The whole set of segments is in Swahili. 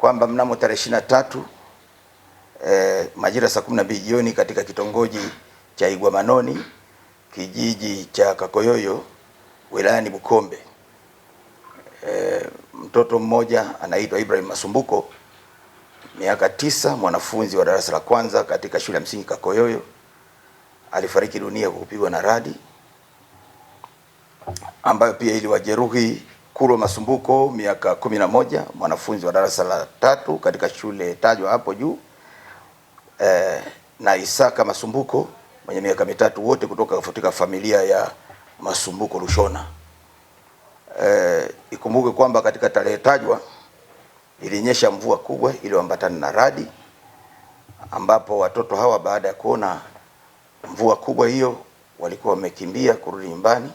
kwamba mnamo tarehe ishirini na tatu eh, majira saa kumi na mbili jioni katika kitongoji cha Igwamanoni kijiji cha Kakoyoyo wilayani Bukombe e, mtoto mmoja anaitwa Ibrahim Masumbuko miaka tisa, mwanafunzi wa darasa la kwanza katika shule ya msingi Kakoyoyo alifariki dunia kwa kupigwa na radi ambayo pia iliwajeruhi Kulwa Masumbuko, miaka kumi na moja, mwanafunzi wa darasa la tatu katika shule tajwa hapo juu e, na Isaka Masumbuko mwenye miaka mitatu, wote kutoka katika familia ya Masumbuko Lushona. E, ikumbuke kwamba katika tarehe tajwa ilinyesha mvua kubwa iliyoambatana na radi, ambapo watoto hawa baada ya kuona mvua kubwa hiyo walikuwa wamekimbia kurudi nyumbani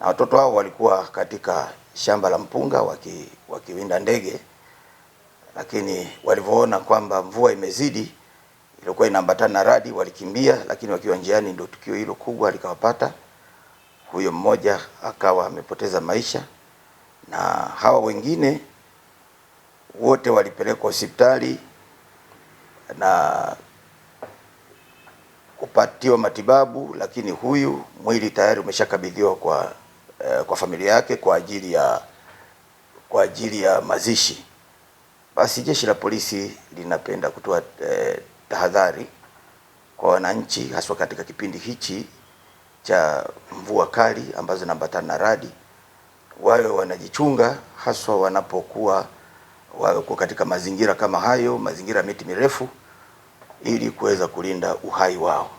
na watoto hao walikuwa katika shamba la mpunga wakiwinda waki ndege, lakini walivyoona kwamba mvua imezidi ilikuwa inaambatana na radi, walikimbia, lakini wakiwa njiani ndio tukio hilo kubwa likawapata. Huyo mmoja akawa amepoteza maisha na hawa wengine wote walipelekwa hospitali na kupatiwa matibabu, lakini huyu mwili tayari umeshakabidhiwa kwa Eh, kwa familia yake kwa ajili ya kwa ajili ya mazishi, basi jeshi la polisi linapenda kutoa eh, tahadhari kwa wananchi, haswa katika kipindi hichi cha mvua kali ambazo zinaambatana na radi, wawe wanajichunga haswa wanapokuwa wako katika mazingira kama hayo, mazingira ya miti mirefu, ili kuweza kulinda uhai wao.